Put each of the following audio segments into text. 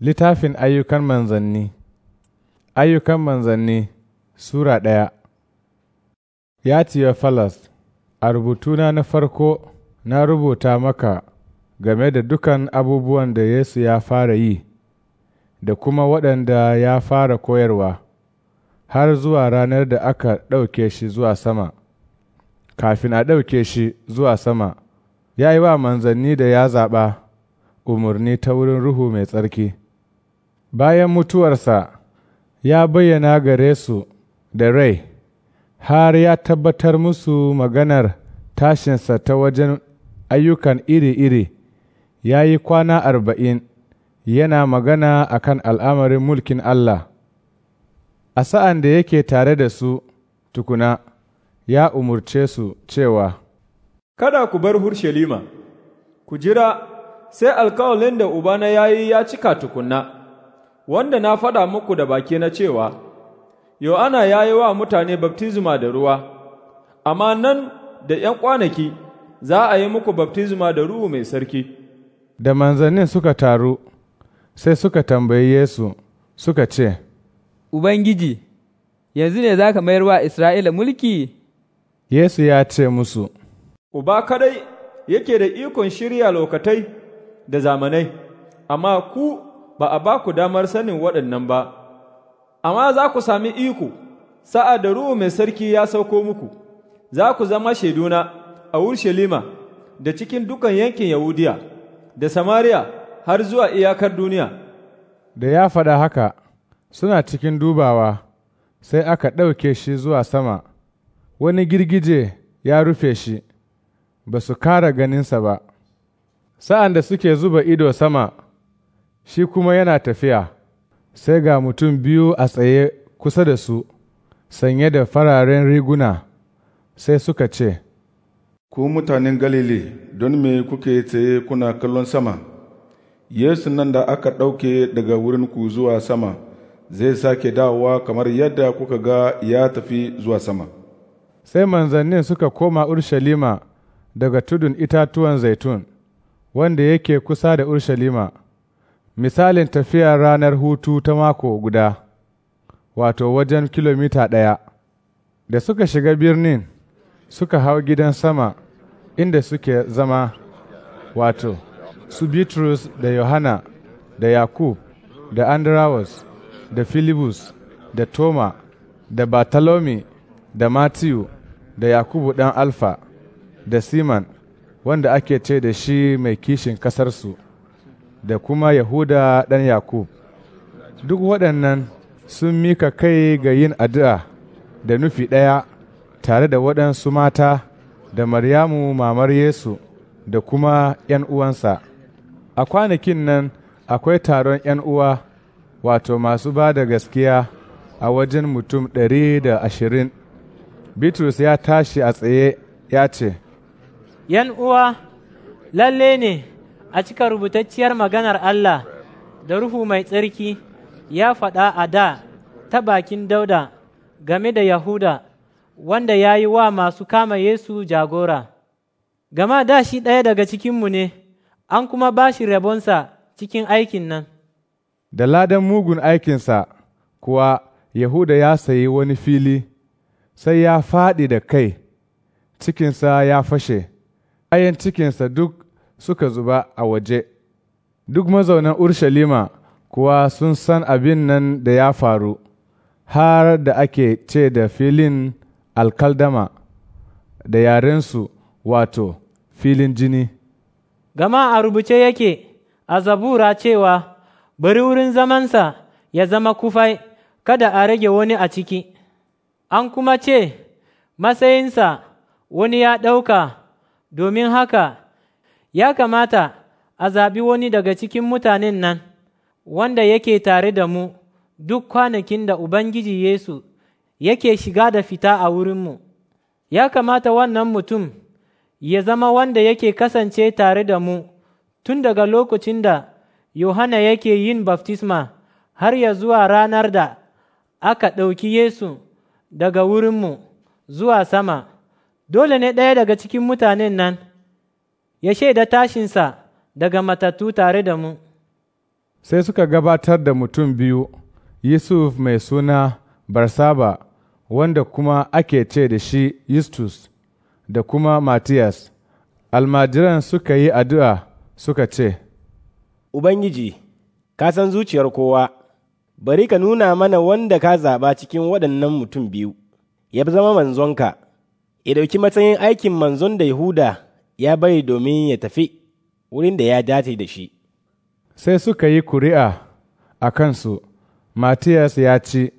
Littafin ayyukan manzanni Ayyukan manzanni Sura ɗaya Ya ciye Falas, a rubutuna na farko na rubuta maka game da dukan abubuwan da Yesu ya fara yi, da kuma waɗanda ya fara koyarwa, har zuwa ranar da aka ɗauke shi zuwa sama. Kafin a ɗauke shi zuwa sama, ya yi wa manzanni da ya zaɓa umarni ta wurin Ruhu Mai Tsarki. bayan mutuwarsa ya bayyana gare su da rai, har ya tabbatar musu maganar tashinsa ta wajen ayyukan iri-iri, ya yi kwana arba'in yana magana a kan al'amarin mulkin Allah. A sa'an da yake tare da su tukuna, ya umurce su cewa, Kada ku bar Hurshelima, ku jira sai alkawalin da Ubana ya yi ya cika tukuna. wanda na faɗa muku da baki na cewa, Yohana ya yi wa mutane baptizuma da ruwa, amma nan da ’yan kwanaki za a yi muku baptizuma da Ruhu mai sarki. Da manzannin suka taru, sai suka tambayi Yesu, suka ce, Ubangiji, yanzu ne za ka mayar wa Isra'ila mulki? Yesu ya ce musu, Uba kadai yake da ikon shirya lokatai da zamanai, amma ku ba a ba ku damar sanin waɗannan ba, amma za ku sami iko, sa'ad da Ruhu mai sarki ya sauko muku, za ku zama shaiduna a Urshalima da cikin dukan yankin Yahudiya, da Samariya har zuwa iyakar duniya. Da ya faɗa haka, suna cikin dubawa, sai aka ɗauke shi zuwa sama, wani girgije ya rufe shi, ba su kara ganinsa ba. Sa'an da suke zuba ido sama, shi kuma yana tafiya, sai ga mutum biyu a tsaye kusa da su, sanye da fararen riguna, sai suka ce, Ku mutanen Galili, don me kuke tsaye kuna kallon sama, Yesu nan da aka ɗauke daga wurinku zuwa sama, zai sake dawowa kamar yadda kuka ga ya tafi zuwa sama. Sai manzannin suka koma Urshalima daga tudun itatuwan zaitun, wanda yake kusa da Urshalima. misalin tafiyar ranar hutu ta mako guda, wato wajen kilomita ɗaya, da suka shiga birnin suka hau gidan sama inda suke zama, wato, su Bitrus da Yohana da Yakub da Andrawus da Filibus da Toma da Bartolome da matthew da Yakubu ɗan Alfa da Siman wanda ake ce da shi mai kishin ƙasarsu. da kuma Yahuda ɗan Yakub. Duk waɗannan sun mika kai ga yin addu'a da nufi ɗaya tare da waɗansu mata da Maryamu mamar Yesu da kuma ‘yan uwansa. A kwanakin nan akwai taron ‘yan uwa wato masu ba da gaskiya a wajen mutum ɗari da ashirin. Bitrus ya tashi a tsaye ya ce, ‘Yan uwa, lalle ne’ a cika rubutacciyar maganar Allah da Ruhu mai tsarki ya faɗa a da ta bakin dauda game da Yahuda wanda ya yi wa masu kama Yesu jagora, gama da shi ɗaya daga cikinmu ne, an kuma ba shi rabonsa cikin aikin nan. Da ladan mugun aikinsa kuwa Yahuda ya sayi wani fili, sai ya faɗi da kai, cikinsa ya fashe, ayan cikinsa duk suka zuba a waje. Duk mazaunan Urshalima kuwa sun san abin nan da ya faru, har da ake ce da filin alkaldama da yarensu wato filin jini. Gama a rubuce yake a zabura cewa, Bari wurin zamansa ya zama kufai, kada a rage wani a ciki, an kuma ce, Matsayinsa wani ya ɗauka, domin haka ya kamata a zaɓi wani daga cikin mutanen nan wanda yake tare da mu duk kwanakin da Ubangiji Yesu yake shiga da fita a wurinmu, ya kamata wannan mutum ya zama wanda yake kasance tare da mu tun daga lokacin da Yohana yake yin baftisma har ya zuwa ranar da aka ɗauki Yesu daga wurinmu zuwa sama, dole ne ɗaya daga cikin mutanen nan. ya shaida tashinsa daga matattu tare da mu. Sai suka gabatar da mutum biyu, Yusuf mai suna Barsaba, wanda kuma ake ce da shi Yustus, da kuma Matiyas. Almajiran suka yi addu'a suka ce, Ubangiji, ka san zuciyar kowa, bari ka nuna mana wanda ka zaɓa cikin waɗannan mutum biyu, ya zama manzonka, ya ɗauki matsayin aikin manzon da Yahuda ya bari domin ya tafi wurin da ya dace da shi. Sai suka yi kuri'a a kansu, Matiyas ya ci,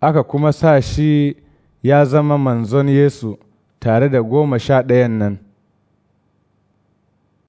aka kuma sa shi ya zama manzon Yesu tare da goma sha ɗayan nan.